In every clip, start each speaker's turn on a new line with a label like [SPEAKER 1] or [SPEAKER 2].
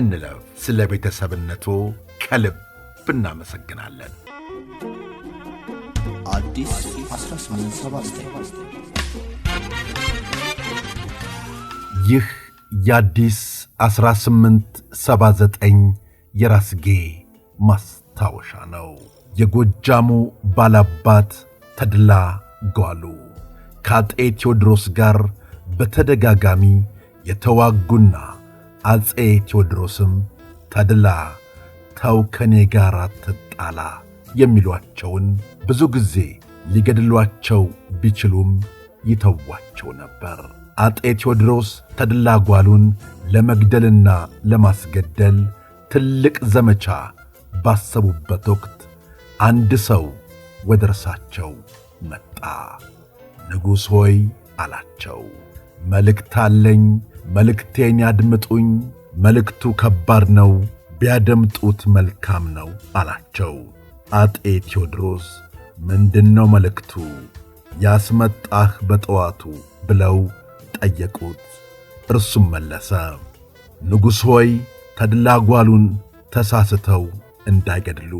[SPEAKER 1] እንለፍ። ስለ ቤተሰብነቱ ከልብ እናመሰግናለን። ይህ የአዲስ 1879 የራስጌ ማስታወሻ ነው። የጎጃሙ ባላባት ተድላ ጓሉ ከአጤ ቴዎድሮስ ጋር በተደጋጋሚ የተዋጉና አፄ ቴዎድሮስም ተድላ ተው ከኔ ጋር አትጣላ የሚሏቸውን ብዙ ጊዜ ሊገድሏቸው ቢችሉም ይተዋቸው ነበር። አጤ ቴዎድሮስ ተድላ ጓሉን ለመግደልና ለማስገደል ትልቅ ዘመቻ ባሰቡበት ወቅት አንድ ሰው ወደ እርሳቸው መጣ። ንጉሥ ሆይ አላቸው፣ መልእክት አለኝ መልእክቴን ያድምጡኝ፣ መልእክቱ ከባድ ነው፣ ቢያደምጡት መልካም ነው አላቸው። አጤ ቴዎድሮስ ምንድን ነው መልእክቱ ያስመጣህ በጠዋቱ ብለው ጠየቁት። እርሱም መለሰ፣ ንጉሥ ሆይ ተድላጓሉን ተሳስተው እንዳይገድሉ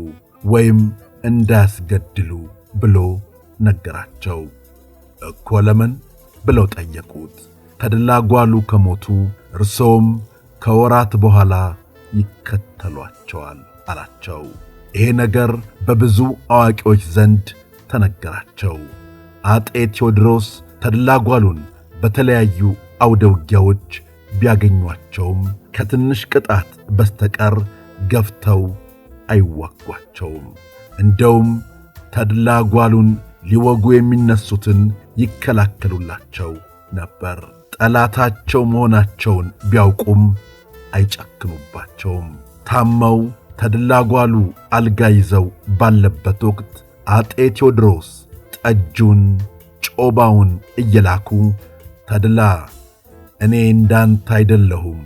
[SPEAKER 1] ወይም እንዳያስገድሉ ብሎ ነገራቸው። እኮ ለምን ብለው ጠየቁት። ጓሉ ከሞቱ እርሶም ከወራት በኋላ ይከተሏቸዋል አላቸው። ይሄ ነገር በብዙ አዋቂዎች ዘንድ ተነገራቸው። አጤ ቴዎድሮስ ተድላጓሉን በተለያዩ አውደ ውጊያዎች ቢያገኟቸውም ከትንሽ ቅጣት በስተቀር ገፍተው አይዋጓቸውም። እንደውም ተድላጓሉን ሊወጉ የሚነሱትን ይከላከሉላቸው ነበር። ጠላታቸው መሆናቸውን ቢያውቁም አይጨክኑባቸውም። ታመው ተድላጓሉ አልጋ ይዘው ባለበት ወቅት አጤ ቴዎድሮስ ጠጁን ጮባውን እየላኩ ተድላ እኔ እንዳንተ አይደለሁም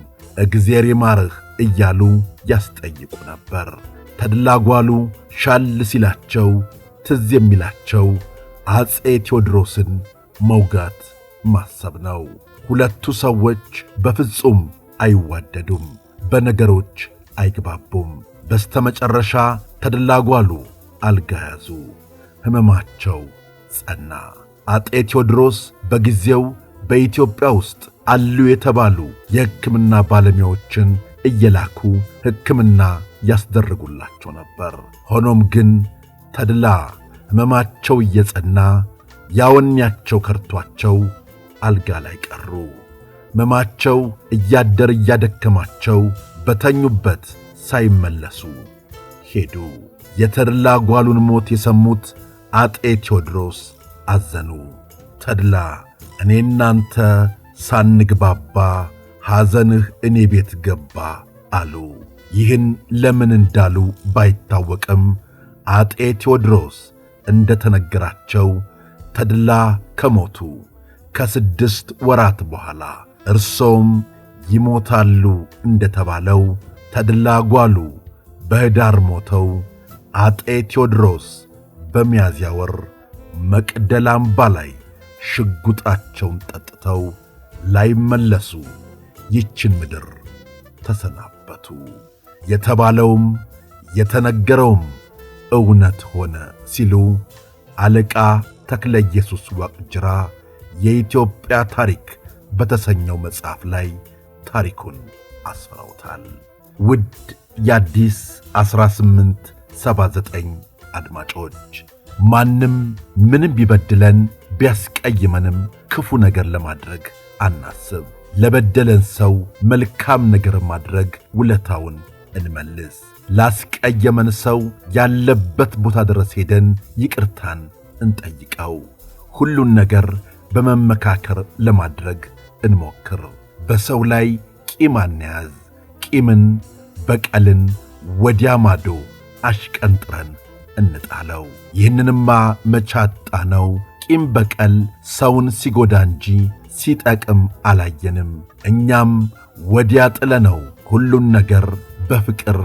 [SPEAKER 1] እግዜር ይማርህ እያሉ ያስጠይቁ ነበር። ተድላጓሉ ሻል ሲላቸው ትዝ የሚላቸው አጼ ቴዎድሮስን መውጋት ማሰብ ነው። ሁለቱ ሰዎች በፍጹም አይዋደዱም፣ በነገሮች አይግባቡም። በስተመጨረሻ ተደላጓሉ፣ አልጋያዙ ሕመማቸው ጸና። አጤ ቴዎድሮስ በጊዜው በኢትዮጵያ ውስጥ አሉ የተባሉ የሕክምና ባለሙያዎችን እየላኩ ሕክምና ያስደርጉላቸው ነበር። ሆኖም ግን ተድላ ሕመማቸው እየጸና ያወኛቸው ከርቷቸው አልጋ ላይ ቀሩ። ሕመማቸው እያደር እያደከማቸው በተኙበት ሳይመለሱ ሄዱ። የተድላ ጓሉን ሞት የሰሙት አጤ ቴዎድሮስ አዘኑ። ተድላ እኔ እናንተ ሳንግባባ ሐዘንህ እኔ ቤት ገባ አሉ። ይህን ለምን እንዳሉ ባይታወቅም አጤ ቴዎድሮስ እንደ ተነገራቸው ተድላ ከሞቱ ከስድስት ወራት በኋላ እርሶም ይሞታሉ እንደተባለው ተድላ ጓሉ በኅዳር ሞተው አጤ ቴዎድሮስ በሚያዝያ ወር መቅደላ አምባ ላይ ሽጉጣቸውን ጠጥተው ላይመለሱ ይችን ምድር ተሰናበቱ። የተባለውም የተነገረውም እውነት ሆነ ሲሉ አለቃ ተክለ ኢየሱስ ዋቅጅራ የኢትዮጵያ ታሪክ በተሰኘው መጽሐፍ ላይ ታሪኩን አስፍረውታል። ውድ የአዲስ 1879 አድማጮች ማንም ምንም ቢበድለን ቢያስቀይመንም ክፉ ነገር ለማድረግ አናስብ። ለበደለን ሰው መልካም ነገር ማድረግ ውለታውን እንመልስ። ላስቀየመን ሰው ያለበት ቦታ ድረስ ሄደን ይቅርታን እንጠይቀው። ሁሉን ነገር በመመካከር ለማድረግ እንሞክር። በሰው ላይ ቂም አንያዝ። ቂምን፣ በቀልን ወዲያ ማዶ አሽቀንጥረን እንጣለው። ይህንንማ መቻጣ ነው። ቂም በቀል ሰውን ሲጎዳ እንጂ ሲጠቅም አላየንም። እኛም ወዲያ ጥለ ነው ሁሉን ነገር በፍቅር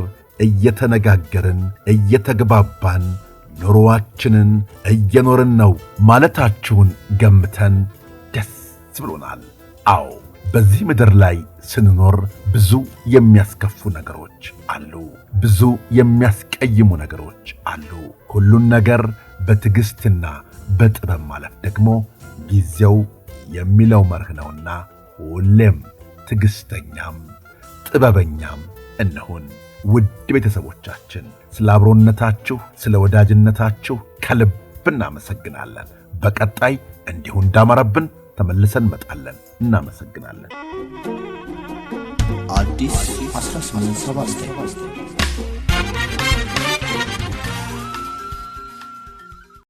[SPEAKER 1] እየተነጋገርን እየተግባባን ኑሮዋችንን እየኖርን ነው ማለታችሁን ገምተን ደስ ብሎናል። አዎ በዚህ ምድር ላይ ስንኖር ብዙ የሚያስከፉ ነገሮች አሉ። ብዙ የሚያስቀይሙ ነገሮች አሉ። ሁሉን ነገር በትዕግሥትና በጥበብ ማለፍ ደግሞ ጊዜው የሚለው መርህ ነውና ሁሌም ትዕግሥተኛም ጥበበኛም እንሁን። ውድ ቤተሰቦቻችን ስለ አብሮነታችሁ፣ ስለ ወዳጅነታችሁ ከልብ እናመሰግናለን። በቀጣይ እንዲሁ እንዳመረብን ተመልሰን እንመጣለን። እናመሰግናለን። አዲስ 1879